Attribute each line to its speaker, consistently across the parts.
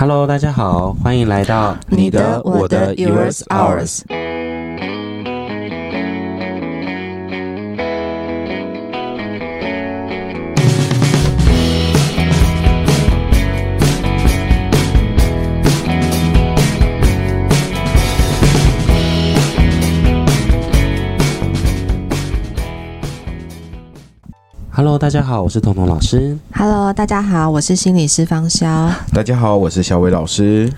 Speaker 1: Hello，大家好，歡迎來到你的，你的我的，我的 yours, ours。Hello，大家好，我是彤彤老師。
Speaker 2: Hello，大家好，我是心理師方瀟。
Speaker 1: 大家好，我是小偉老師。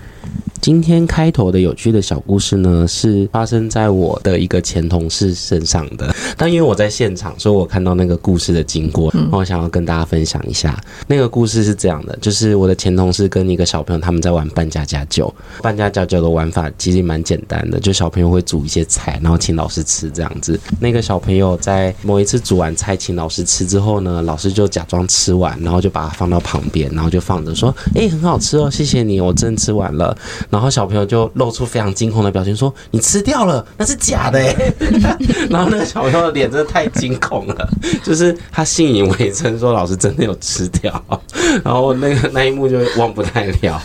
Speaker 1: 今天開頭的有趣的小故事呢，是發生在我的一個前同事身上的。但因為我在現場，所以我看到那個故事的經過，嗯、我想要跟大家分享一下。那個故事是這樣的，就是我的前同事跟一個小朋友他們在玩扮家家酒。扮家家酒的玩法其實蠻簡單的，就小朋友會煮一些菜，然後請老師吃這樣子。那個小朋友在某一次煮完菜請老師吃之後呢，老師就假裝吃完，然後就把它放到旁邊，然後就放着說：“誒，很好吃哦，謝謝你，我真的吃完了。”然後小朋友就露出非常驚恐的表情，說：“你吃掉了，那是假的、欸。”哎，然後那個小朋友的臉真的太驚恐了， 就是他信以為真，說老師真的有吃掉。然後那個那一幕就忘不太了。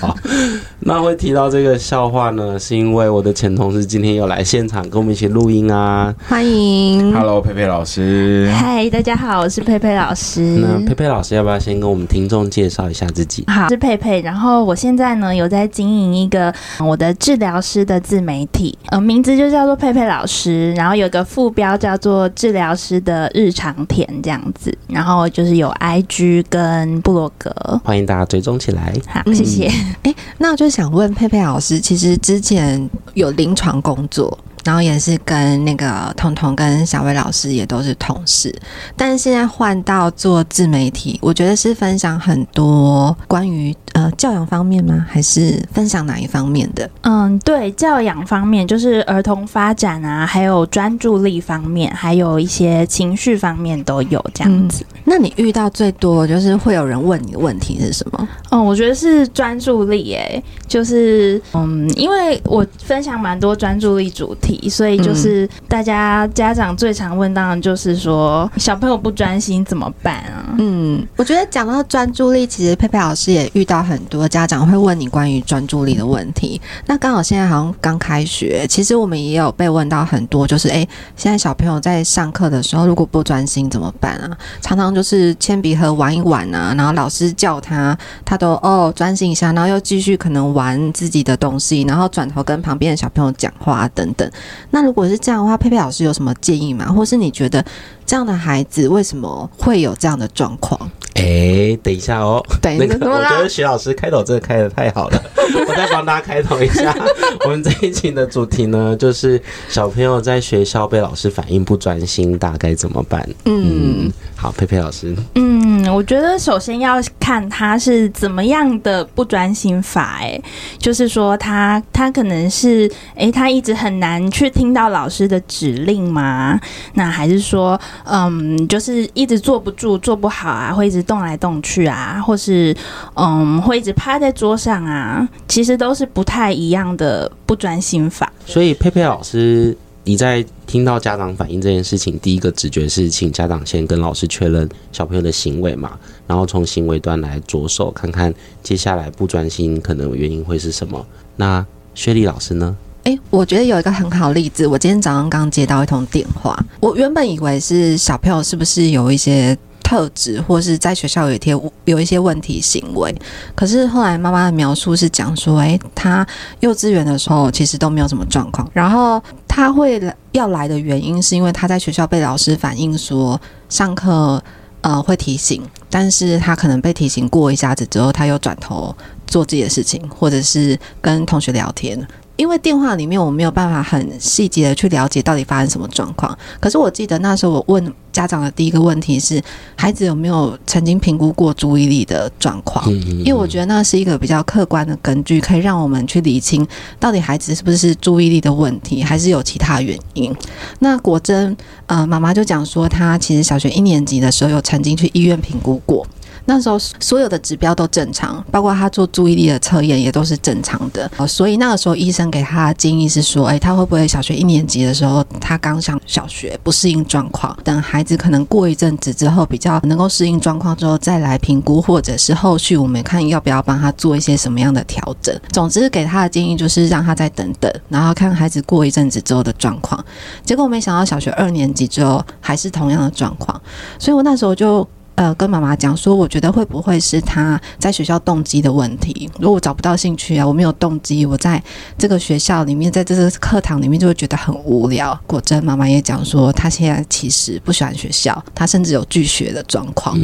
Speaker 1: 那 會提到這個笑話呢，是因為我的前同事今天又來現場跟我們一起錄音啊。
Speaker 3: 歡迎，Hello，
Speaker 1: 佩佩老師。
Speaker 3: 嗨，大家好，我是佩佩老師。那佩
Speaker 1: 佩老師要不要先跟我們聽眾介紹一下自己？好，
Speaker 3: 我是佩佩。然後我現在呢有在經營一個。我的治療師的自媒體，呃，名字就叫做佩佩老師，然後有個副標叫做治療師的日常帖，這樣子，然後就是有 IG 跟部落格，
Speaker 1: 歡迎大家追蹤起來。好，謝謝。
Speaker 3: 誒、嗯欸，
Speaker 2: 那我就想問佩佩老師，其實之前有臨床工作，然後也是跟那個彤彤跟小薇老師也都是同事，但是現在換到做自媒體，我覺得是分享很多關於呃教養方面嗎？還是分享哪一方面的？
Speaker 3: 嗯，對，教養方面就是兒童發展啊，還有專注力方面，還有一些情緒方面都有這樣子、嗯。那你遇到最多就是會有人問你的問題是什麼？嗯，我覺得是專注力，欸，哎，就是嗯，因為我分享蠻多專注力主題。所以就是大家家長最常問到的就是說小朋友不專心怎麼辦啊？
Speaker 2: 嗯，我覺得講到專注力，其實佩佩老師也遇到很多家長會問你關於專注力的問題。 那剛好現在好像剛開學，其實我們也有被問到很多，就是誒、欸，現在小朋友在上課的時候如果不專心怎麼辦啊？常常就是鉛筆盒玩一玩啊，然後老師叫他，他都哦專心一下，然後又繼續可能玩自己的東西，然後轉頭跟旁邊的小朋友講話、啊、等等。那如果是這樣的話，佩佩老師有什麼建議嗎？或是你覺得？這樣的孩子為什麼會有這樣的狀況？
Speaker 1: 哎、欸，等一下哦，等一下。我覺得徐老師開頭這個開得太好
Speaker 4: 了， 我再幫大家開頭一下。
Speaker 1: 我們這一期的主題呢，就是小朋友在學校被老師反應不專心，大概怎麼辦嗯？嗯，好，佩佩老師，
Speaker 3: 嗯，我覺得首先要看他是怎麼樣的不專心法、欸。哎，就是說他他可能是哎、欸，他一直很難去聽到老師的指令嗎？那還是說？嗯，就是一直坐不住、坐不好啊，會一直動來動去啊，或是嗯，會一直趴在桌上啊，其實都是不太一樣的不專心法。
Speaker 1: 所以佩佩老師，嗯，你在聽到家長反映這件事情，第一個直覺是請家長先跟老師確認小朋友的行為嘛，然後從行為端來着手，看看接下來不專心可能原因會是什麼。那薛麗老師呢？
Speaker 2: 誒，我覺得有一個很好的例子。我今天早上剛接到一通電話，我原本以為是小朋友是不是有一些特質，或是在學校有一天有一些問題行為。可是後來媽媽的描述是講說，誒，他幼稚園的時候其實都沒有什麼狀況。然後他會要來的原因，是因為他在學校被老師反映說上課呃會提醒，但是他可能被提醒過一下子之後，他又轉頭做自己的事情，或者是跟同學聊天。因為電話裡面我沒有辦法很細節的去了解到底發生什麼狀況，可是我記得那時候我問家長的第一個問題是，孩子有沒有曾經評估過注意力的狀況？因為我覺得那是一個比較客觀的根據，可以讓我們去理清到底孩子是不是注意力的問題，還是有其他原因。那果真，呃，媽媽就講說，她其實小學一年級的時候有曾經去醫院評估過。那時候所有的指標都正常，包括他做注意力的測驗也都是正常的，所以那個時候醫生給他的建議是說，誒、欸，他會不會小學一年級的時候他剛上小學不適應狀況？等孩子可能過一陣子之後比較能夠適應狀況之後再來評估，或者是後續我們看要不要幫他做一些什麼樣的調整。總之給他的建議就是讓他再等等，然後看孩子過一陣子之後的狀況。結果我沒想到小學二年級之後還是同樣的狀況，所以我那時候就。呃，跟媽媽講說，我覺得會不會是他在學校動機的問題？如果我找不到興趣啊，我沒有動機，我在這個學校裡面，在這個課堂裡面就會覺得很無聊。果真，媽媽也講說，他現在其實不喜歡學校，他甚至有拒學的狀況。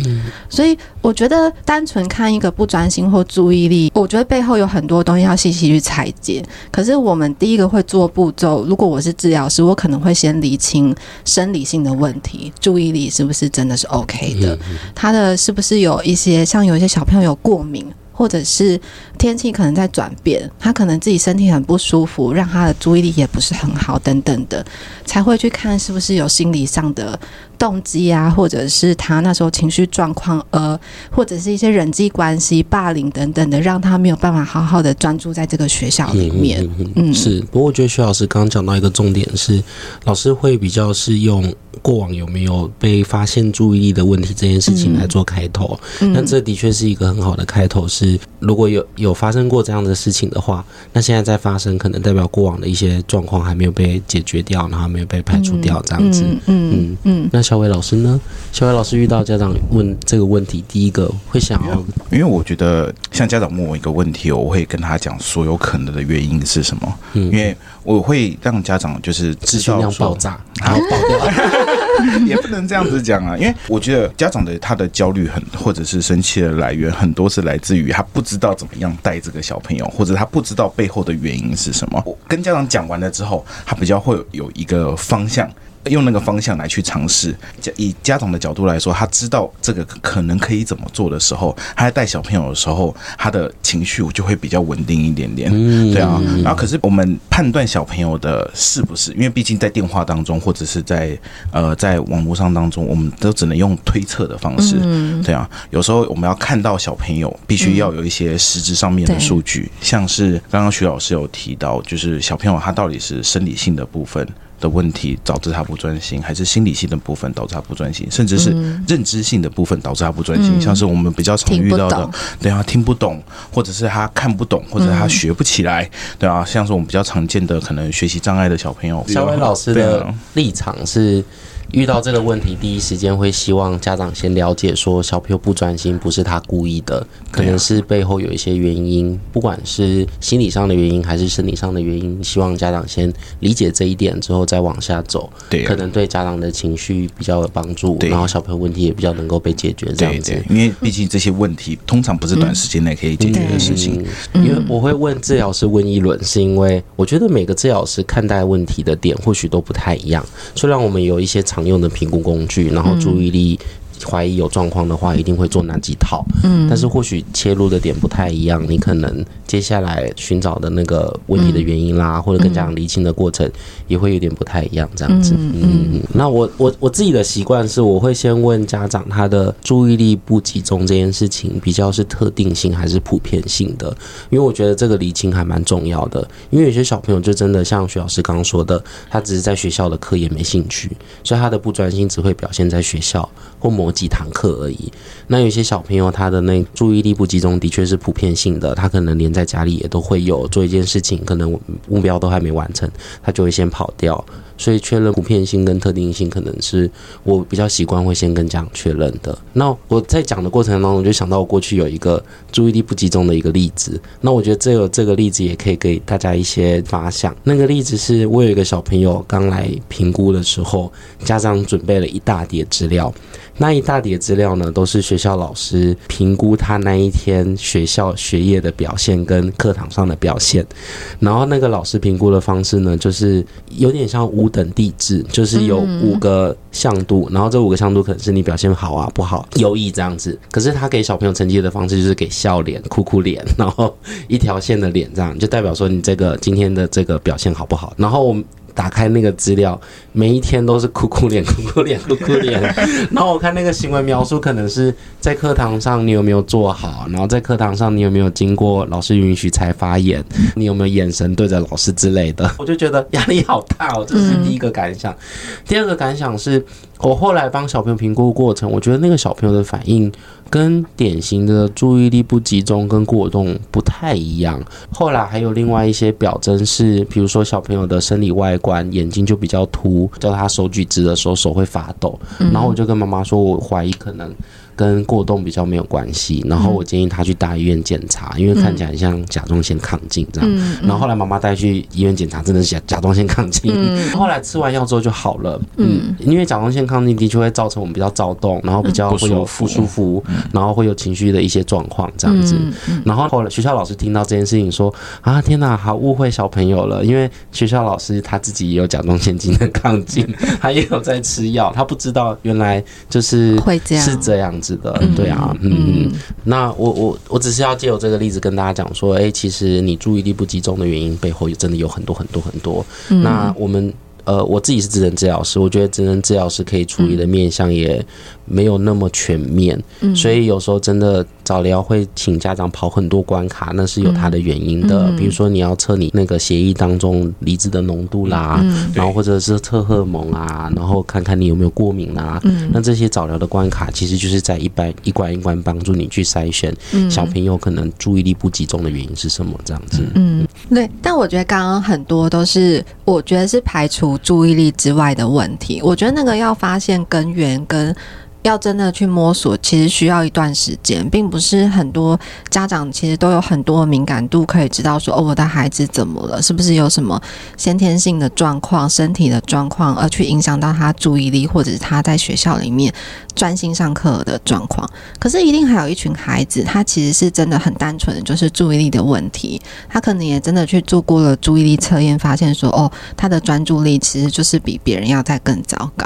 Speaker 2: 所以，我覺得單純看一個不專心或注意力，我覺得背後有很多東西要細細去拆解。可是，我們第一個會做步驟，如果我是治療師，我可能會先釐清生理性的問題，注意力是不是真的是 OK 的？他的是不是有一些像有一些小朋友有過敏，或者是，天氣可能在轉變，他可能自己身體很不舒服，讓他的注意力也不是很好，等等的，才會去看是不是有心理上的動機啊，或者是他那時候情緒狀況呃，或者是一些人際關係霸凌等等的，讓他沒有辦法好好的專注在這個學校裡面。嗯，嗯，嗯嗯嗯、是。
Speaker 1: 不過我覺得徐老師剛剛講到一個重點是，老師會比較是用過往有沒有被發現注意力的問題這件事情來做開頭，嗯嗯但這的確是一個很好的開頭。是如果有有。發生過這樣的事情的話，那現在在發生，可能代表過往的一些狀況還沒有被解決掉，然後還沒有被排除掉，這樣子。嗯嗯嗯，嗯。那小偉老師呢？小偉老師遇到家長問
Speaker 4: 這個問題，第一個會想要，因為我覺得像家長問我一個問題，我會跟他講所有可能的原因是什麼？嗯，因為我會讓家長就是知道說爆炸，然後爆掉。 也不能這樣子講啊，因為我覺得家長的他的焦慮很，或者是生氣的來源，很多是來自於他不知道怎麼樣帶這個小朋友，或者他不知道背後的原因是什麼。我跟家長講完了之後，他比較會有一個方向。用那個方向，來去嘗試，以家長的角度來說，他知道這個可能可以怎麼做的時候，他在帶小朋友的時候，他的情緒就會比較穩定一點點。對啊，然後可是我們判斷小朋友的是不是，因為畢竟在電話當中或者是在呃在網絡上當中，我們都只能用推測的方式。對啊，有時候我們要看到小朋友，必須要有一些實質上面的數據。嗯，像是剛剛徐老師有提到，就是小朋友他到底是生理性的部分，的問題導致他不專心，還是心理性的部分導致他不專心，甚至是認知性的部分導致他不專心。嗯，像是我們比較常遇到的。嗯，對啊，聽不懂，或者是他看不懂，或者他學不起來。嗯，對啊，像是我們比較常見的可能學習障礙的小朋友。嗯啊、小文、嗯啊啊、老師的
Speaker 1: 立場是。遇到這個問題，第一時間會希望家長先了解，說小朋友不專心不是他故意的，可能是背後有一些原因，不管是心理上的原因還是生理上的原因，希望家長先理解這一點之後再往下走，對，可能對家長的情緒比較有幫助，然後小朋友問題也比較能夠被解決。這樣
Speaker 4: 子，因為畢竟這些問題通常不是短時間內可以解決的事情。因為我會
Speaker 1: 問治療師問一輪，是因為我覺得每個治療師看待問題的點或許都不太一樣，雖然我們有一些長。用的評估工具，然後注意力。懷疑有狀況的話，一定會做哪幾套？嗯，但是或許切入的點不太一樣，你可能接下來尋找的那個問題的原因啦、啊，或者跟家長釐清的過程也會有點不太一樣，這樣子。嗯，那我我我自己的習慣是，我會先問家長，他的注意力不集中這件事情，比較是特定性還是普遍性的？因為我覺得這個釐清還蠻重要的，因為有些小朋友就真的像徐老師剛剛說的，他只是在學校的課也沒興趣，所以他的不專心只會表現在學校或某。幾堂課而已。那有些小朋友他的那注意力不集中，的確是普遍性的。他可能連在家裡也都會有做一件事情，可能我目標都還沒完成，他就會先跑掉。所以確認普遍性跟特定性，可能是我比較習慣會先跟家長確認的。那我在講的過程當中，我就想到我過去有一個注意力不集中的一個例子。那我覺得這有這個例子也可以給大家一些發想。那個例子是我有一個小朋友剛來評估的時候，家長準備了一大疊資料。那一大疊資料呢，都是學校老師評估他那一天學校學業的表現跟課堂上的表現。然後那個老師評估的方式呢，就是有點像五等第制，就是有五個向度、嗯。然後這五個向度可能是你表現好啊、不好、優異這樣子。可是他給小朋友成績的方式就是給笑臉、哭哭臉，然後一條線的臉這樣，就代表說你這個今天的這個表現好不好。然後。打開那個資料，每一天都是哭哭臉、哭哭臉、哭哭臉。然後我看那個行為描述，可能是在課堂上你有沒有做好，然後在課堂上你有沒有經過老師允許才發言，你有沒有眼神對着老師之類的。 我就覺得壓力好大哦、喔，這是第一個感想。嗯、第二個感想是。我後來幫小朋友評估過程，我覺得那個小朋友的反應跟典型的注意力不集中跟過動不太一樣。後來還有另外一些表徵是，比如說小朋友的生理外觀，眼睛就比較凸，叫他手舉直的時候手會發抖。然後我就跟媽媽說，我懷疑可能。跟過動比較沒有關係，然後我建議他去大醫院檢查，嗯，因為看起來像甲狀腺亢進這樣，嗯。然後後來媽媽帶去醫院檢查，真的是甲甲狀腺亢進，嗯。後來吃完藥之後就好了。嗯，因為甲狀腺亢進的確會造成我們比較躁動，然後比較會有不舒服，嗯、然後會有情緒的一些狀況這樣子，嗯嗯。然後後來學校老師聽到這件事情說：“啊，天啊，天哪，還誤會小朋友了，因為學校老師他自己也有甲狀腺機能亢進，他也有在吃藥，他不知道原來就是會是這樣。樣”嗯、對啊，嗯嗯，那我我我只是要借由這個例子跟大家講說，哎、欸，其實你注意力不集中的原因背後，也真的有很多很多很多。那我們呃，我自己是職能治療師，我覺得職能治療師可以處理的面向也。沒有那麼全面，所以有時候真的早療會請家長跑很多關卡，嗯、那是有它的原因的、嗯。比如說你要測你那個血液當中離子的濃度啦，嗯、然後或者是測荷蒙啊，然後看看你有沒有過敏啊。嗯、那這些早療的關卡，其實就是在一般一關一關幫助你去篩選、嗯、小朋友可能注意力不集中的原因是什麼這樣子。
Speaker 2: 嗯，對。但我覺得剛剛很多都是，我覺得是排除注意力之外的問題。我覺得那個要發現根源跟。要真的去摸索，其實需要一段時間，並不是很多家長其實都有很多敏感度，可以知道說哦，我的孩子怎麼了？是不是有什麼先天性的狀況、身體的狀況，而去影響到他注意力，或者是他在學校裡面。專心上課的狀況，可是一定還有一群孩子，他其實是真的很單純，就是注意力的問題。他可能也真的去做過了注意力測驗，發現說，哦，他的專注力其實就是比別人要再更糟糕。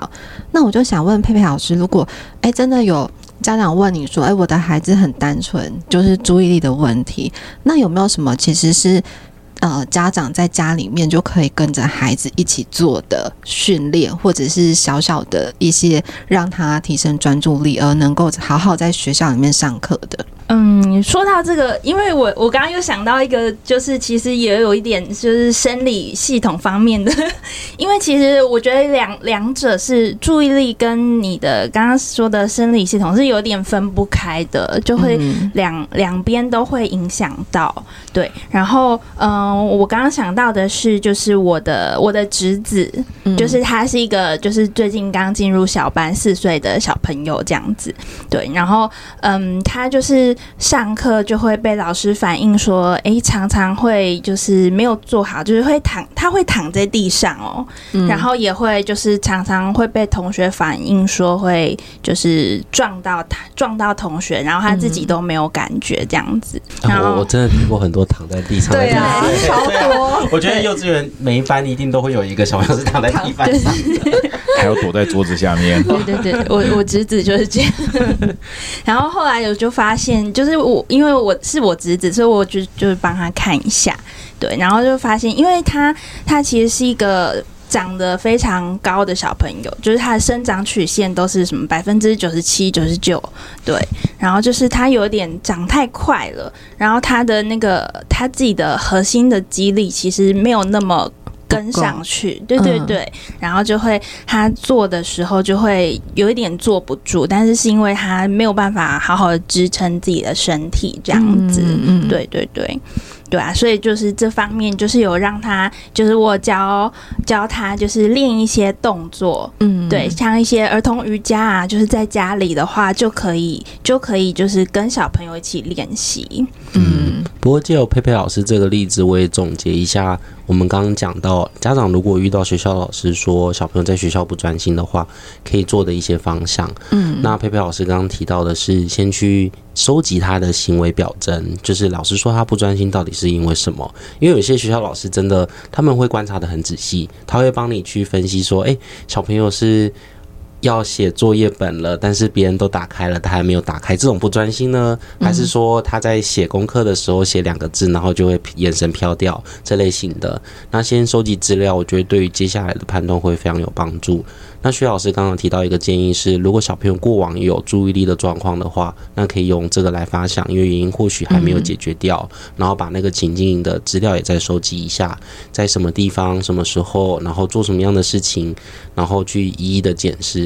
Speaker 2: 那我就想問佩佩老師，如果，哎，真的有家長問你說，哎，我的孩子很單純，就是注意力的問題，那有沒有什麼其實是？呃，家長在家裡面就可以跟着孩子一起做的訓練，或者是小小的一些讓他提升專注力，而能夠好好在學校裡面上課的。嗯，
Speaker 3: 說到這個，因為我我剛剛又想到一個，就是其實也有一點就是生理系統方面的，因為其實我覺得兩兩者是注意力跟你的剛剛說的生理系統是有點分不開的，就會兩、嗯、兩邊都會影響到。對，然後嗯。嗯，我剛剛想到的是，就是我的我的侄子、嗯，就是他是一個，就是最近剛進入小班，四歲的小朋友這樣子，對，然後嗯，他就是上課就會被老師反映說，哎、欸，常常會就是沒有做好，就是會躺，他會躺在地上哦、喔嗯，然後也會就是常常會被同學反映說會就是撞到他撞到同學，然後他自己都沒有感覺這樣子。
Speaker 1: 然後，我、啊、我真的聽過很多躺在地上， 對啊。 超多。對啊， 我覺得幼稚園每一班一定都會有一個小朋友是躺在地板
Speaker 3: 上，
Speaker 4: 還有躲在桌子下面。
Speaker 3: 對對對，我我侄子就是這樣。 然後後來我就發現，就是我因為我是我侄子，所以我就就是幫他看一下，對，然後就發現，因為他他其實是一個。長得非常高的小朋友，就是他的生長曲線都是什麼百分之九十七、九十九，對。然後就是他有點長太快了，然後他的那個他自己的核心的肌力其實沒有那麼跟上去，對對對，嗯。然後就會他坐的時候就會有一點坐不住，但是是因為他沒有辦法好好支撐自己的身體這樣子，嗯嗯，對對對。對啊，所以就是這方面，就是有讓他，就是我教教他，就是練一些動作，嗯，對，像一些兒童瑜伽啊，就是在家裡的話，就可以就可以就是跟小朋友一起練習，嗯。嗯，
Speaker 1: 不過借由佩佩老師這個例子，我也總結一下，我們剛剛講到，家長如果遇到學校老師說小朋友在學校不專心的話，可以做的一些方向。嗯，那佩佩老師剛剛提到的是先去。收集他的行為表徵，就是老師說他不專心，到底是因為什麼？因為有些學校老師真的，他們會觀察得很仔細，他會幫你去分析說，哎、欸，小朋友是。要寫作業本了，但是別人都打開了，他還沒有打開，這種不專心呢？還是說他在寫功課的時候寫兩個字，然後就會眼神飄掉這類型的？那先收集資料，我覺得對於接下來的判斷會非常有幫助。那薛老師剛剛提到一個建議是，如果小朋友過往也有注意力的狀況的話，那可以用這個來發想，因為原因或許還沒有解決掉，嗯嗯。然後把那個情境的資料也再收集一下，在什麼地方、什麼時候，然後做什麼樣的事情，然後去一一的檢視。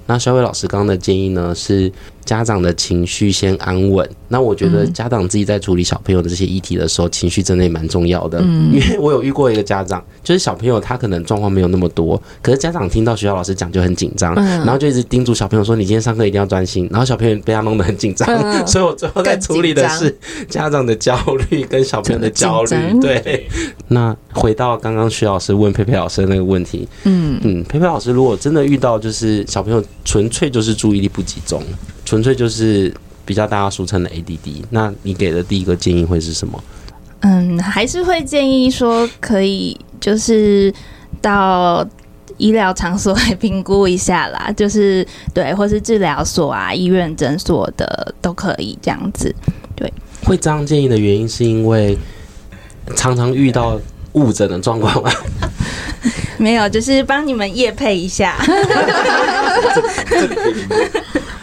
Speaker 1: 那小偉老師剛剛的建議呢，是家長的情緒先安穩。那我覺得家長自己在處理小朋友的這些議題的時候，嗯、情緒真的也蠻重要的。嗯，因為我有遇過一個家長，就是小朋友他可能狀況沒有那麼多，可是家長聽到學校老師講就很緊張、嗯，然後就一直叮囑小朋友說：“你今天上課一定要專心。”然後小朋友被他弄得很緊張。嗯、 所以我最後在處理的是家長的焦慮跟小朋友的焦慮。對。那回到剛剛徐老師問佩佩老師那個問題，嗯嗯，佩佩老師如果真的遇到就是小朋友。純粹就是注意力不集中，純粹就是比較大家俗稱的 ADD。那你給的第一個建議會是什麼？嗯，
Speaker 3: 還是會建議說可以就是到醫療場所來評估一下啦，就是對，或是治療所啊、醫院、診所的都可以這樣子。對，
Speaker 1: 會這樣建議的原因是因為常常遇到誤診的狀況。
Speaker 3: 沒有，就是幫你們業配一下。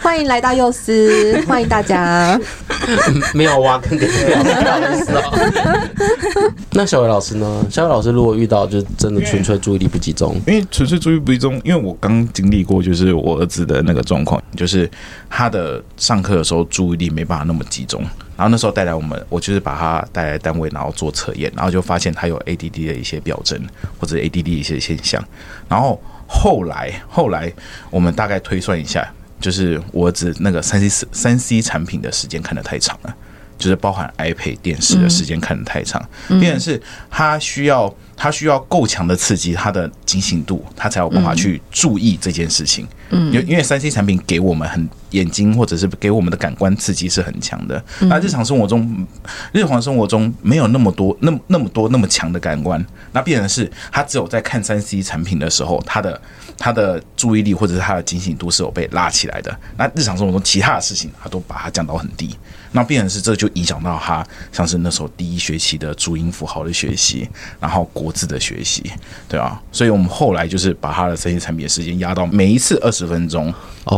Speaker 3: 歡迎來到幼思，歡迎大
Speaker 2: 家。
Speaker 1: 沒有啊，不好意思哦。 那小偉老師呢？小偉老師如果遇到，就真的純粹
Speaker 4: 注意力不集中。因為純粹注意力不集中，因為我剛經歷過，就是我兒子的那個狀況，就是他的上課的時候注意力沒辦法那麼集中。然後那時候帶來我們，我就是把他帶來單位，然後做測驗，然後就發現他有 ADD 的一些表徵或者 ADD 的一些現象。然後後來後來，我們大概推算一下，就是我兒子那個三 C 三 C 產品的時間看得太長了，就是包含 iPad 電視的時間看得太長，嗯、變成是他需要。他需要夠強的刺激，他的警醒度，他才有辦法去注意這件事情。嗯，因因為三 C 產品給我們很眼睛或者是給我們的感官刺激是很強的，嗯，那日常生活中，日常生活中沒有那麼多、那那麼多、那麼強的感官，那必然是他只有在看三 C 產品的時候，他的他的注意力或者是他的警醒度是有被拉起來的。那日常生活中其他的事情，他都把它降到很低。那必然是這就影響到他，像是那時候第一學期的注音符號的學習，嗯，然後國。得學習，對啊，所以我們後來就是把他的三 C 產品的時間壓到每一次二十分鐘，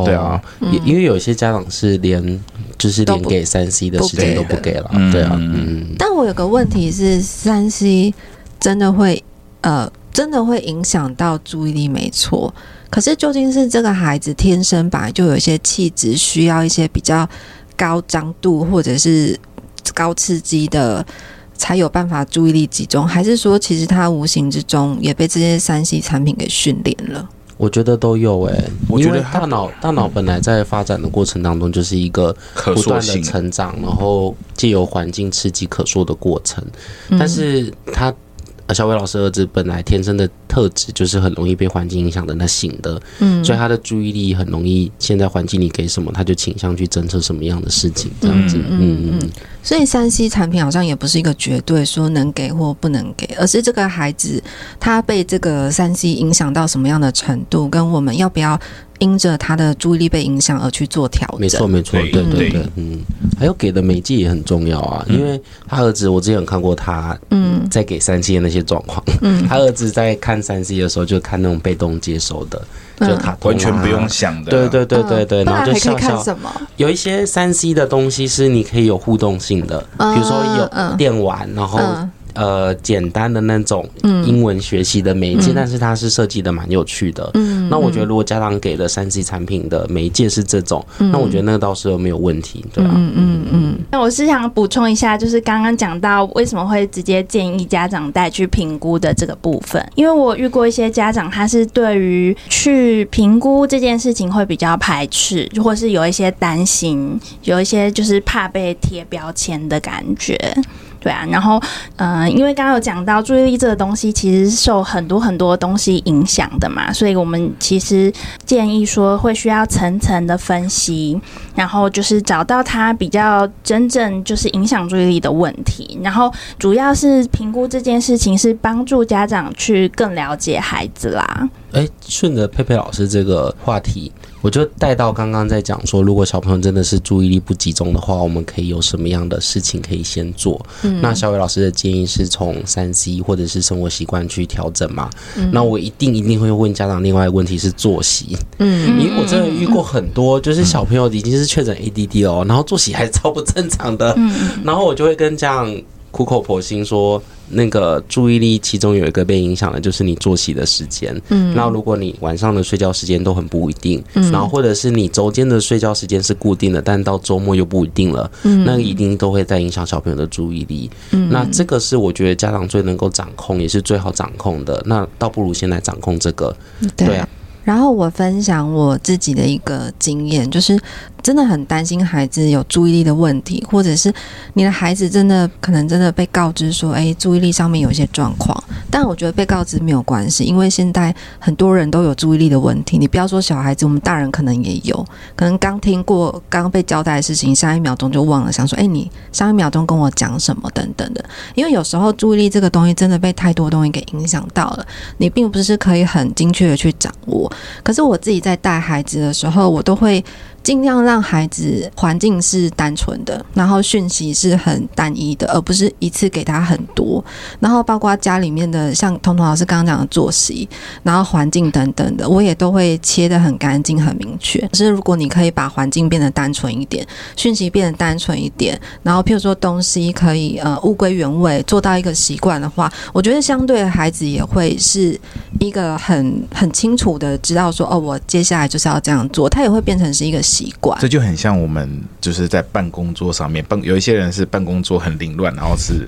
Speaker 4: 對啊、哦，因為有些家長是連
Speaker 1: 就是連給三 C 的時間都不給了，給對啊、嗯。
Speaker 2: 但我有個問題是，三 C 真的會呃，真的會影響到注意力，沒錯。可是究竟是這個孩子天生本來就有一些氣質，需要一些比較高張度或者是高刺激的？才有辦法注意力集中，還是說其實他無形之中也被這些三 C 產品給訓練了？
Speaker 1: 我覺得都有誒、欸，我覺得大腦大腦本來在發展的過程當中就是一個不斷的成長，然後借由環境刺激可塑的過程，但是他。小偉老師兒子本來天生的特質就是很容易被環境影響的那型的，嗯，所以他的注意力很容易，現在環境你給什麼，他就傾向去偵測什麼樣的事情，這樣子。嗯，嗯嗯嗯。
Speaker 2: 所以三 C 產品好像也不是一個絕對說能給或不能給，而是這個孩子他被這個三 C 影響到什麼樣的程度，跟我們要不要。因着他的注意力被影響而去做調整，沒錯沒錯，對對對，
Speaker 3: 對，
Speaker 1: 嗯，嗯，還有給的媒介也很重要啊、嗯，因為他兒子我之前有看過他，嗯，在給三 C 的那些狀況，嗯， 他兒子在看三 C 的時候就看那種被動接收的、嗯，就他完全不用想的、啊，對對對對對，對，嗯，然後就可以看什麼？有一些三 C 的東西是你可以有互動性的、嗯，比如說有電玩、嗯，然後。呃，簡單的那種英文學習的媒介、嗯嗯，但是它是設計的蠻有趣的。嗯，那我覺得如果家長給的三 C 產品的媒介是這種、嗯，那我覺得那個倒是有沒有問題，對吧、啊？嗯
Speaker 3: 嗯嗯。那我是想補充一下，就是剛剛講到為什麼會直接建議家長帶去評估的這個部分，因為我遇過一些家長，他是對於去評估這件事情會比較排斥，或是有一些擔心，有一些就是怕被貼標籤的感覺。對啊，然後，呃，因為剛剛有講到注意力這個東西，其實是受很多很多東西影響的嘛，所以我們其實建議說會需要層層的分析，然後就是找到它比較真正就是影響注意力的問題，然後主要是評估這件事情是幫助家長去更了解孩子啦。
Speaker 1: 哎、欸，順着佩佩老師這個話題，我就帶到剛剛在講說，如果小朋友真的是注意力不集中的話，我們可以有什麼樣的事情可以先做？嗯、那小偉老師的建議是從三 C 或者是生活習慣去調整嘛、嗯？那我一定一定會問家長，另外一個問題是作息。
Speaker 2: 嗯，因為我真的遇
Speaker 1: 過很多，就是小朋友已經是確診 ADD 了、嗯，然後作息還是超不正常的、嗯。然後我就會跟家長苦口婆心說。那個注意力其中有一個被影響的，就是你作息的時間。嗯，那如果你晚上的睡覺時間都很不一定，嗯，然後或者是你周間的睡覺時間是固定的，但到周末又不一定了，嗯，那一定都會在影響小朋友的注意力。嗯，那這個是我覺得家長最能夠掌控，也是最好掌控的。那倒不如先來掌控這個。嗯，對啊。
Speaker 2: 然後我分享我自己的一個經驗，就是。真的很擔心孩子有注意力的問題，或者是你的孩子真的可能真的被告知說，誒，注意力上面有一些狀況。但我覺得被告知沒有關係，因為現在很多人都有注意力的問題。你不要說小孩子，我們大人可能也有可能剛聽過，剛被交代的事情，下一秒鐘就忘了，想說，誒，你上一秒鐘跟我講什麼等等的。因為有時候注意力這個東西真的被太多東西給影響到了，你並不是可以很精確的去掌握。可是我自己在帶孩子的時候，我都會。盡量讓孩子環境是單純的，然後訊息是很單一的，而不是一次給他很多。然後包括家裡面的，像彤彤老師剛剛講的作息，然後環境等等的，我也都會切得很乾淨、很明確。可是如果你可以把環境變得單純一點，訊息變得單純一點，然後譬如說東西可以呃物歸原位，做到一個習慣的話，我覺得相對的孩子也會是一個很很清楚的知道說哦，我接下來就是要這樣做，他也會變成是一個。習
Speaker 4: 慣，這就很像我們就是在辦公桌上面，辦有一些人是辦公桌很凌亂，然後是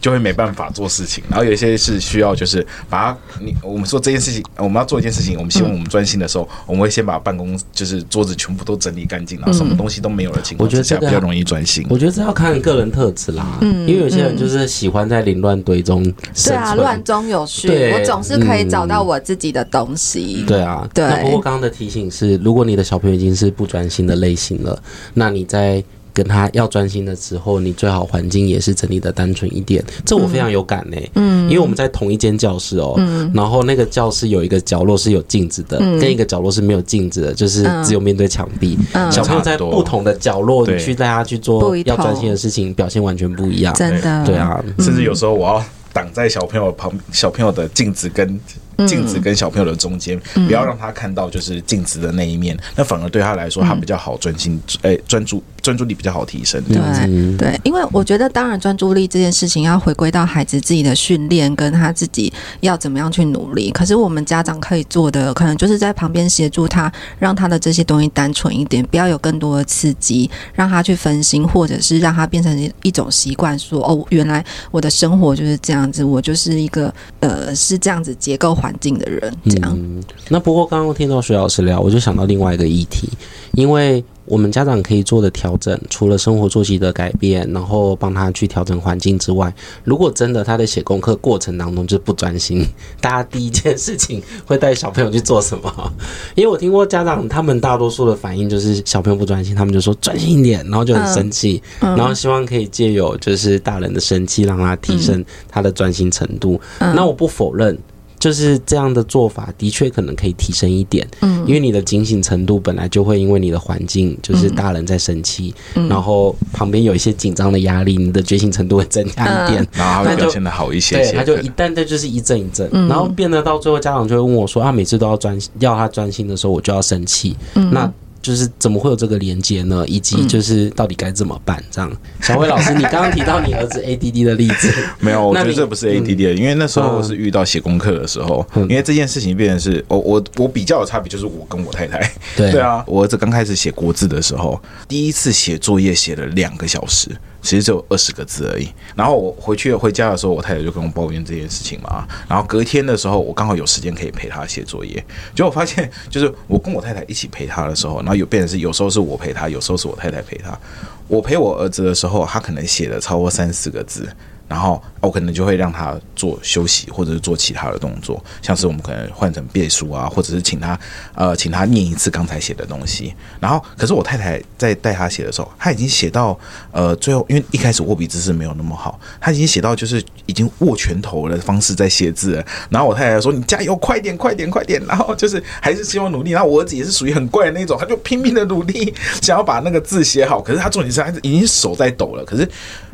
Speaker 4: 就會沒辦法做事情，然後有一些是需要就是把你我們做這件事情，我們要做一件事情，我們希望我們專心的時候，我們會先把辦公就是桌子全部都整理乾淨，然後什麼東西都沒有的情況，這、嗯、樣比較容易
Speaker 1: 專心我、這個。我覺得這要看個人特質啦，嗯，因為有些人就是喜歡在凌亂堆中，
Speaker 2: 對啊，亂中有序對，我總是可以找到我自己的東西。嗯、對
Speaker 1: 啊，對。那不過剛剛的提醒是，如果你的小朋友已經是不專。專心的類型了，那你在跟他要專心的時候，你最好環境也是整理得單純一點。這我非常有感呢、欸，嗯，因為我們在同一間教室哦、喔嗯，然後那個教室有一個角落是有鏡子的，跟、嗯、一個角落是沒有鏡子的，就是只有面對牆壁。小朋友在不同的角落，你去帶他
Speaker 4: 去做要專心的事情，表現完全不一樣，真、嗯、的、嗯，對啊，甚至有時候我要擋在小朋友旁，小朋友的鏡子跟、鏡子跟小朋友的中間、嗯嗯，不要讓他看到就是鏡子的那一面、嗯，那反而對他來說，他比較好專心，哎、嗯，欸、專注、專注力比較好提升。對、嗯、對，
Speaker 2: 因為我覺得，當然專注力這件事情要回歸到孩子自己的訓練，跟他自己要怎麼樣去努力。可是我們家長可以做的，可能就是在旁邊協助他，讓他的這些東西單純一點，不要有更多的刺激，讓他去分心，或者是讓他變成一種習慣，說哦，原來我的生活就是這樣子，我就是一個呃，是這樣子結構化。環境的人這樣，那不過剛剛聽
Speaker 1: 到徐老師聊，我就想到另外一個議題，因為我們家長可以做的調整，除了生活作息的改變，然後幫他去調整環境之外，如果真的他在寫功課過程當中就不專心，大家第一件事情會帶小朋友去做什麼？因為我聽過家長他們大多數的反應就是小朋友不專心，他們就說專心一點，然後就很生氣，然後希望可以借由就是大人的生氣讓他提升他的專心程度、嗯。那我不否認。就是這樣的做法，的確可能可以提升一點。嗯，因為你的警醒程度本來就會因為你的環境，就是大人在生氣、嗯，然後旁邊有一些緊張的壓力，你的覺醒程度會增加一點，嗯，然後表現的好一些，些。對，他就一旦這就是一陣一陣、嗯，然後變得到最後，家長就會問我說：“啊，每次都要專心，要他專心的時候，我就要生氣。嗯”那。就是怎麼會有這個連接呢？以及就是到底該
Speaker 4: 怎麼辦？這樣，嗯、小慧老師，你剛剛提到
Speaker 1: 你兒子 ADD 的例子，
Speaker 4: 沒有？我覺得這不是 ADD，的、嗯、因為那時候我是遇到寫功課的時候、嗯，因為這件事情變成是，我我我比較有差別，就是我跟我太太，對對啊，我兒子剛開始寫國字的時候，第一次寫作業寫了兩個小時。其實就二十個字而已。然後我回去回家的時候，我太太就跟我抱怨這件事情嘛。然後隔天的時候，我剛好有時間可以陪他寫作業，結果我發現就是我跟我太太一起陪他的時候，然後有變成是有時候是我陪他，有時候是我太太陪他。我陪我兒子的時候，他可能寫了超過三四個字。然後我可能就會讓他做休息，或者是做其他的動作，像是我們可能換成背書啊，或者是請他呃請他念一次剛才寫的東西。然後，可是我太太在帶他寫的時候，他已經寫到呃最後，因為一開始握筆姿勢沒有那麼好，他已經寫到就是已經握拳頭的方式在寫字。然後我太太說：“你加油，快點，快點，快點！”然後就是還是希望努力。然後我兒子也是屬於很乖的那種，他就拼命的努力，想要把那個字寫好。可是他重點是，他已經手在抖了。可是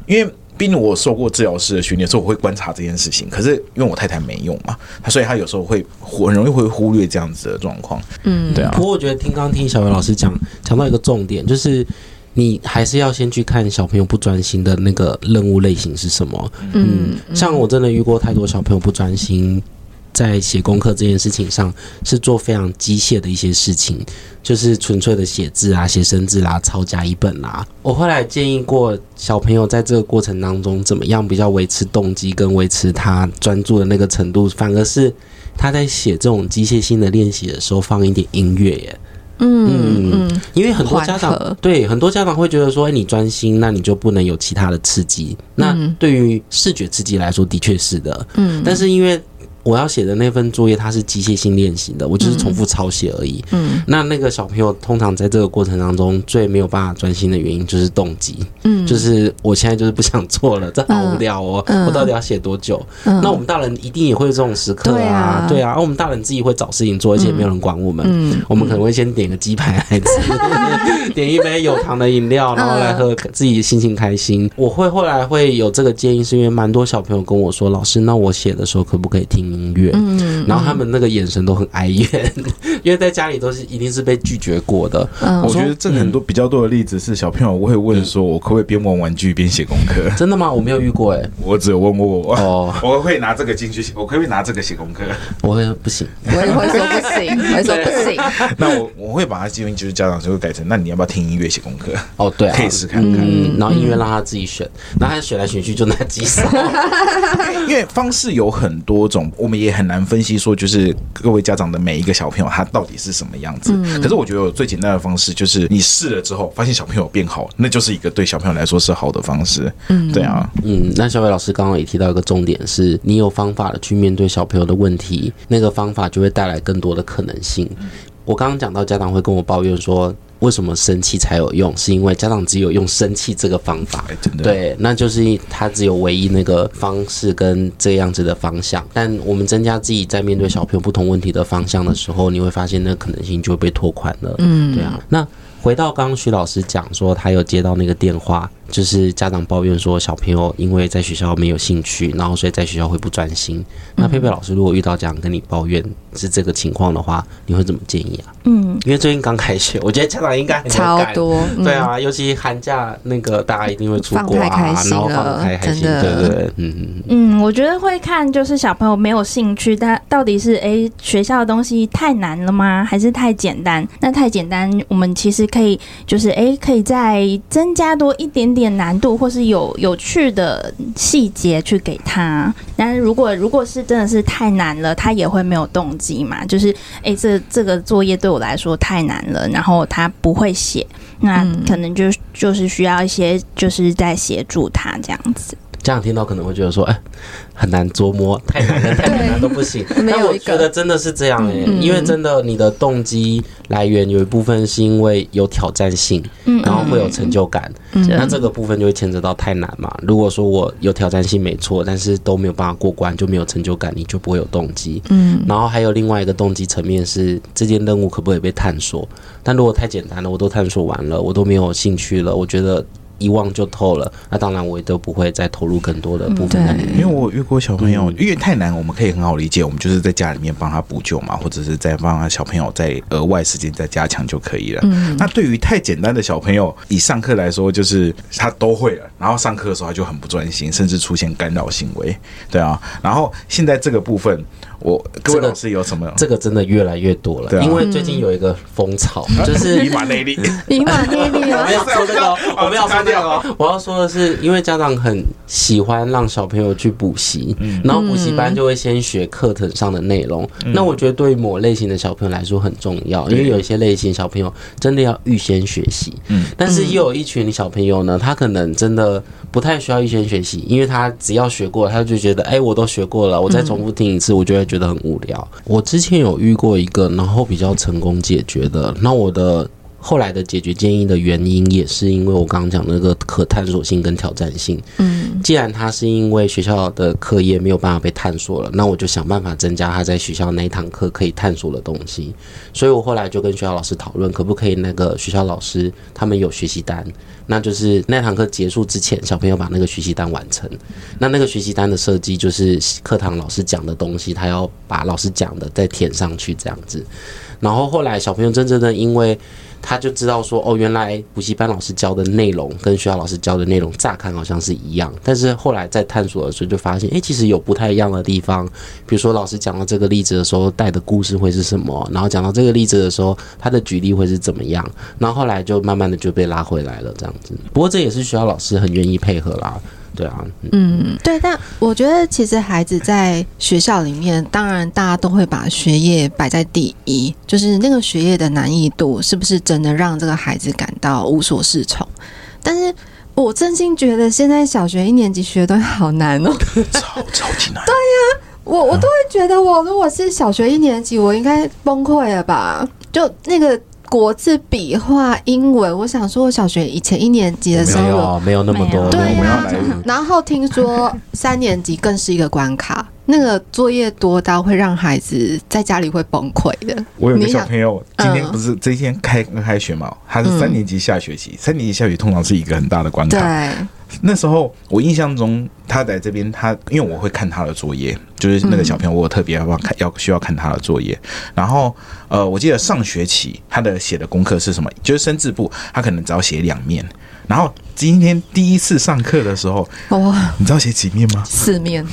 Speaker 4: 因為。畢竟我受過治療師的訓練，所以我會觀察這件事情。可是因為我太太沒用嘛，所以他有時候會很容易會忽略這樣子的狀況。嗯，對啊。不過我覺得聽剛聽小偉老師講，講到一個重點，就是你還是要
Speaker 1: 先去看小朋友不專心的那個任務類型是什麼？嗯，嗯，像我真的遇過太多小朋友不專心。嗯嗯在寫功課這件事情上，是做非常機械的一些事情，就是純粹的寫字啊、寫生字啦、啊、抄家一本啦、啊。我後來建議過小朋友在這個過程當中怎麼樣比較維持動機跟維持他專注的那個程度，反而是他在寫這種機械性的練習的時候放一點音樂耶。嗯，
Speaker 3: 嗯，因為很多家長，
Speaker 1: 對，很多家長會覺得說，欸、你專心，那你就不能有其他的刺激。那對於視覺刺激來說，的確是的。嗯，但是因為。我要寫的那份作業，它是機械性練習的，我就是重複抄寫而已，嗯。嗯，那那個小朋友通常在這個過程當中最沒有辦法專心的原因，就是動機。嗯，就是我現在就是不想做了，這好無聊哦、嗯嗯。我到底要寫多久？嗯。那我們大人一定也會有這種時刻啊，啊，對啊，我們大人自己會找事情做，而且沒有人管我們。嗯，我們可能會先點個雞排來吃，嗯、 點一杯有糖的飲料，然後來喝，自己心情開心、嗯。我會後來會有這個建議，是因為蠻多小朋友跟我說，老師，那我寫的時候可不可以聽？音樂，然後他們那個眼神都很哀怨，因為在家
Speaker 4: 裡都是一定是被拒絕過的、嗯。我覺得這很多比較多的例子是小朋友我會問說：“我可不可以邊玩玩具邊寫功課？”真的嗎？我沒有遇過哎、欸，我只有問過我哦。我會拿這個進去寫，我可不可以拿這個寫功課？我會不行，我也會說不行，會 說不行。 那我我會把他基本就是家長就會改成：“那你要不要聽音樂寫功課？”哦，對啊，可以試看看、嗯嗯。然後音樂讓他自己選，那、嗯、他選來選去就那幾首， 因為方式有很多種。我們也很難分析說，就是各位家長的每一個小朋友，他到底是什麼樣子。可是我覺得最簡單的方式就是你試了之後，發現小朋友變好，那就是一個對小朋友來說是好的方式。嗯，對啊，嗯，那小偉老師剛剛也提到一個重點，是你
Speaker 1: 有方法的去面對小朋友的問題，那個方法就會帶來更多的可能性。我剛剛講到，家長會跟我抱怨說，為什麼生氣才有用？是因為家長只有用生氣這個方法，對，那就是他只有唯一那個方式跟這樣子的方向。但我們增加自己在面對小朋友不同問題的方向的時候，你會發現那可能性就會被拓寬了。嗯，對啊。嗯、那回到剛剛徐老師講說，他有接到那個電話。就是家長抱怨說小朋友因為在學校沒有興趣，然後所以在學校會不專心。嗯。那佩佩老師，如果遇到家長跟你抱怨是這個情況的話，你會怎麼建議啊？嗯，因為最近剛開學，我覺得家長應該很多。嗯，對啊，尤其寒假那個大家一定會出國啊，然後放太開心，真的，嗯嗯
Speaker 3: 嗯，我覺得會看就是小朋友沒有興趣，但到底是哎、欸、學校的東西太難了嗎，還是太簡單？那太簡單，我們其實可以就是哎、欸、可以再增加多一點點。難度或是有有趣的細節去給他，但是如果如果是真的是太難了，他也會沒有動機嘛，就是誒、欸，這這個作業對我來說太難了，然後他不會寫，那可能就就是需要一些就是在協助他這樣子。
Speaker 1: 這樣聽到可能會覺得
Speaker 3: 說，哎，很難捉摸，太難，太簡
Speaker 1: 單都不行。但我覺得真的是這樣誒、欸，因為真的，你的動機來源有一部分是因為有挑戰性，然後會有成就感。那這個部分就會牽扯到太難嘛？如果說我有挑戰性沒錯，但是都沒有辦法過關，就沒有成就感，你就不會有動機。嗯。然後還有另外一個動機層面是，這件任務可不可以被探索？但如果太簡單了，我都探索完了，我都沒有興趣了，我覺得。遺忘就透了，那當然我也都不會再投入更多的部分。因為
Speaker 4: 我遇過小朋友，嗯、因為太難，我們可以很好理解，我們就是在家裡面幫他補救嘛，或者是再幫他小朋友在額外時間再加強就可以了。嗯、那對於太簡單的小朋友，以上課來說，就是他都會了，然後上課的時候他就很不專心，甚至出現干擾行為，對啊。然後現在這個部分。我這個是有什麼、這個？這個真的越來越多了，對啊、因為最近有一個風潮，嗯、就是零 馬內雷力，零內力，我們要說這個， 我們要刪掉
Speaker 1: 哦我、那個啊。我要說的是，因為家長很喜歡讓小朋友去補習、嗯，然後補習班就會先學課程上的內容、嗯。那我覺得對於某類型的小朋友來說很重要，嗯、因為有一些類型小朋友真的要預先學習，嗯，但是又有一群小朋友呢，他可能真的不太需要預先學習，因為他只要學過，他就覺得哎、欸，我都學過了，我再重複聽一次，嗯、我覺得就。覺得很無聊。我之前有遇過一個，然後比較成功解決的。那我的。後來的解決建議的原因，也是因為我剛剛講的那個可探索性跟挑戰性。嗯，既然他是因為學校的課業沒有辦法被探索了，那我就想辦法增加他在學校那一堂課可以探索的東西。所以我後來就跟學校老師討論，可不可以那個學校老師他們有學習單，那就是那堂課結束之前，小朋友把那個學習單完成。那那個學習單的設計就是課堂老師講的東西，他要把老師講的再填上去這樣子。然後後來小朋友真正的因為。他就知道說，哦，原來補習班老師教的內容跟學校老師教的內容，乍看好像是一樣，但是後來在探索的時候就發現，誒，其實有不太一樣的地方。比如說，老師講到這個例子的時候，帶的故事會是什麼？然後講到這個例子的時候，他的舉例會是怎麼樣？然後後來就慢慢的就被拉回來了，這樣子。不過這也是學校老師很願意配合啦。對
Speaker 2: 啊，嗯，對，但我覺得其實孩子在學校裡面，當然大家都會把學業擺在第一，就是那個學業的難易度是不是真的讓這個孩子感到無所適從？但是我真心覺得現在小學一年級學都好難哦，超超級難。 對呀、啊，我我都會覺得，我如果是小學一年級，我應該崩潰了吧？就那個。國字筆畫，英文。我想說，我小學以前一年級的時候，沒有、啊、
Speaker 1: 沒有那麼多。啊、對、啊、
Speaker 2: 然後聽說三年級更是一個關卡。 那個作業多到會讓孩子在家裡會崩潰的。我有個小朋友，今天不
Speaker 4: 是這一天開剛、嗯、開學嘛，他是三年級下學期、嗯。三年級下學期通常是一個很大的關卡。對，那時候我印象中他在這邊，他因為我會看他的作業，就是那個小朋友，我特別要，要看要、嗯、需要看他的作業。然後呃，我記得上學期他的寫的功課是什麼？就是生字簿，他可能只要寫兩面，然後。今天第一次上課的時候，哦、你知道寫幾面嗎？四
Speaker 2: 面，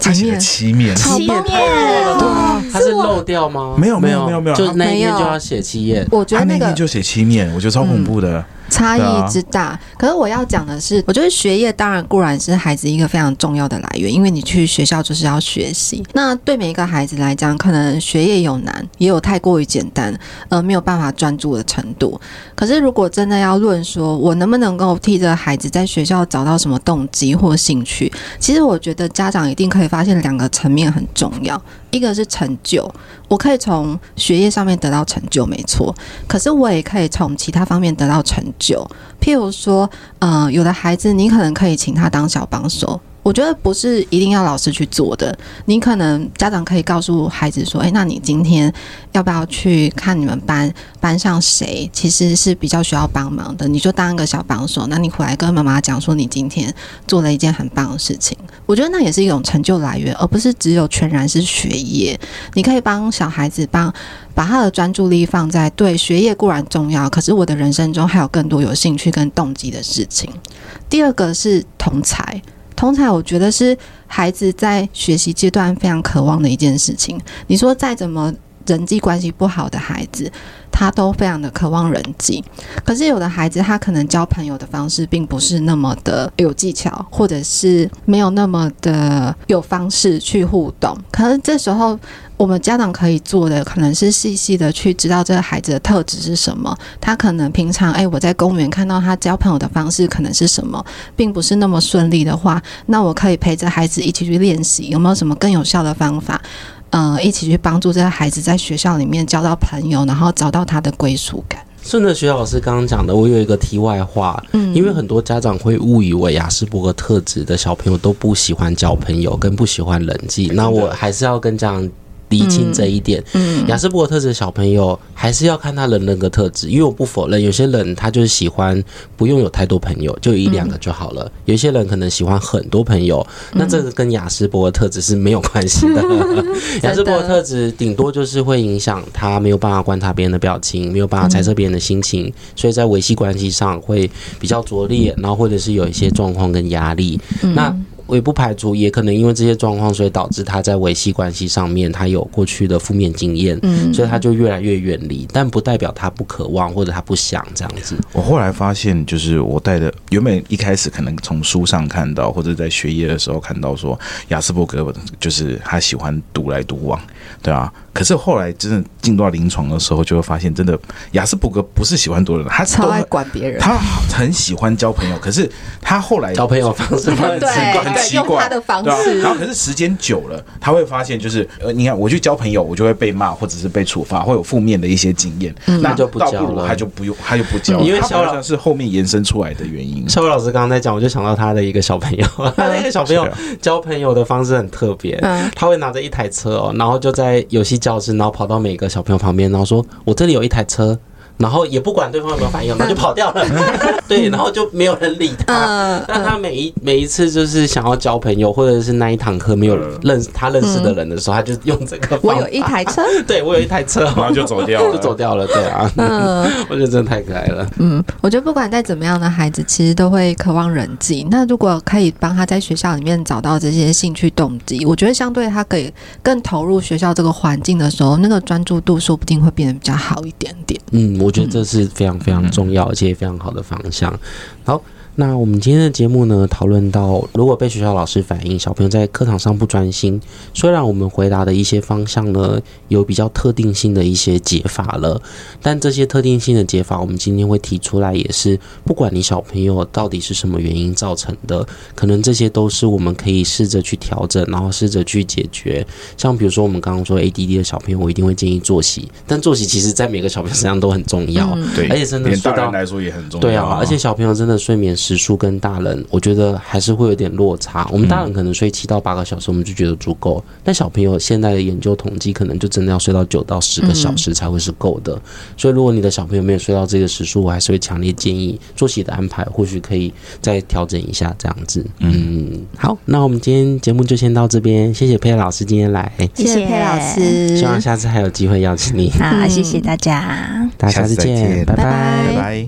Speaker 2: 他寫、啊、七面，七面，哦，他、哦、是漏掉嗎？沒有，沒有，沒有，沒有，就那天就要
Speaker 4: 寫七面、啊，我覺得那個、啊、那一天就寫七面，我覺得超恐怖的，嗯、差異之
Speaker 2: 大、啊。可是我要講的是，我覺得學業當然固然是孩子一個非常重要的來源，因為你去學校就是要學習。那對每一個孩子來講，可能學業有難，也有太過於簡單，呃，沒有辦法專注的程度。可是如果真的要論說，我能不能夠。替這孩子在學校找到什麼動機或興趣？其實我覺得家長一定可以發現兩個層面很重要，一個是成就，我可以從學業上面得到成就，沒錯。可是我也可以從其他方面得到成就，譬如說，呃，有的孩子你可能可以請他當小幫手。我覺得不是一定要老師去做的，你可能家長可以告訴孩子說：“誒，那你今天要不要去看你們班班上誰其實是比較需要幫忙的？你就當一個小幫手。那你回來跟媽媽講說，你今天做了一件很棒的事情。我覺得那也是一種成就來源，而不是只有全然是學業。你可以幫小孩子幫把他的專注力放在對學業固然重要，可是我的人生中還有更多有興趣跟動機的事情。第二個是同儕。”通常我覺得是孩子在學習階段非常渴望的一件事情，你說再怎麼。人際關係不好的孩子，他都非常的渴望人際。可是有的孩子，他可能交朋友的方式並不是那麼的有技巧，或者是沒有那麼的有方式去互動。可是這時候，我們家長可以做的，可能是細細的去知道這個孩子的特質是什麼。他可能平常，哎、欸，我在公園看到他交朋友的方式可能是什麼，並不是那麼順利的話，那我可以陪着孩子一起去練習。有沒有什麼更有效的方法？嗯、呃，一起去幫助這個孩子在學校裡面交到朋友，然後找到他的歸屬感。
Speaker 1: 順着徐老師剛剛講的，我有一個題外話，嗯，因為很多家長會誤以為亞斯伯格特質的小朋友都不喜歡交朋友，跟不喜歡人際、嗯。那我還是要跟這樣。理清這一點，嗯嗯、亞斯伯格特質的小朋友還是要看他人，人的個特質，因為我不否認，有些人他就是喜歡不用有太多朋友，就有一兩個就好了。嗯、有些人可能喜歡很多朋友，嗯、那這個跟亞斯伯格特質是沒有關係的。嗯、亞斯伯格特質頂多就是會影響他沒有辦法觀察別人的表情，沒有辦法猜測別人的心情，嗯、所以在維繫關係上會比較拙劣、嗯，然後或者是有一些狀況跟壓力。嗯、那我也不排除，也可能因為這些狀況，所以導致他在維繫關係上面，他有過去的負面經驗，嗯，所以他就越來越遠離。但不代表他不渴望，或者他不想這樣子。
Speaker 4: 我後來發現，就是我帶的原本一開始可能從書上看到，或者在學業的時候看到說，亞斯伯格就是他喜歡獨來獨往，對啊。可是後來真的進入到臨床的時候，就會發現，真的亞斯伯格不是喜歡多的人，他超愛管別人，他很喜歡交朋友。可是他後來交朋友方式 很奇怪，用他的方式。然後可是時間久了，他會發現就是呃，你看我去交朋友，我就會被罵，或者是被處罰，會有負面的一些經驗，嗯，那不就，不、嗯、就不交了，他就不用，他就不交了，因為好像是後面延伸出來的原因。社
Speaker 1: 會老師剛剛在講，我就想到他的一個小朋友， 他的一個小朋友交朋友的方式很特別，啊，他會拿着一台車哦，然後就在遊戲。教室，然後跑到每個小朋友旁邊，然後說：“我這裡有一台車。”然後也不管對方有沒有反應，他 就跑掉了。對，然後就沒有人理他。嗯。那他每一每一次就是想要交朋友，或者是那一堂課沒有人認識他認識的人的時候，嗯、他就用這個方。我有一
Speaker 2: 台車。
Speaker 1: 對，我有一台車。然後就走掉了， 就走掉了。對啊。嗯。 我覺得真的太可愛了。嗯，
Speaker 2: 我覺得不管再怎麼樣的孩子，其實都會渴望人際。那如果可以幫他在學校裡面找到這些興趣動機，我覺得相對他可以更投入學校這個環境的時候，那個專注度說不定會變得比較好一點
Speaker 1: 點。嗯。我我覺得這是非常非常重要，而且非常好的方向。好。那我們今天的節目呢，討論到如果被學校老師反映，小朋友在課堂上不專心，雖然我們回答的一些方向呢有比較特定性的一些解法了，但這些特定性的解法，我們今天會提出來，也是不管你小朋友到底是什麼原因造成的，可能這些都是我們可以試着去調整，然後試着去解決。像比如說我們剛剛說 ADD 的小朋友，我一定會建議作息，但作息其實在每個小朋友身上都很重要，嗯、對，而且真的對，對，對，連大人
Speaker 4: 來說也很重要。啊。對啊，而且
Speaker 1: 小朋友真的睡眠時數跟大人，我覺得還是會有點落差。我們大人可能睡七到八個小時，我們就覺得足夠、嗯。但小朋友現在的研究統計，可能就真的要睡到九到十個小時才會是夠的、嗯。所以，如果你的小朋友沒有睡到這個時數，我還是會強烈建議作息的安排，或許可以再調整一下這樣子。嗯，好，那我們今天節目就先到這邊，謝謝佩老師今天來，謝謝佩老師，希望下次還有機會邀請你。好，謝謝
Speaker 3: 大家，大
Speaker 1: 家下次見，下次再見，拜拜，拜拜。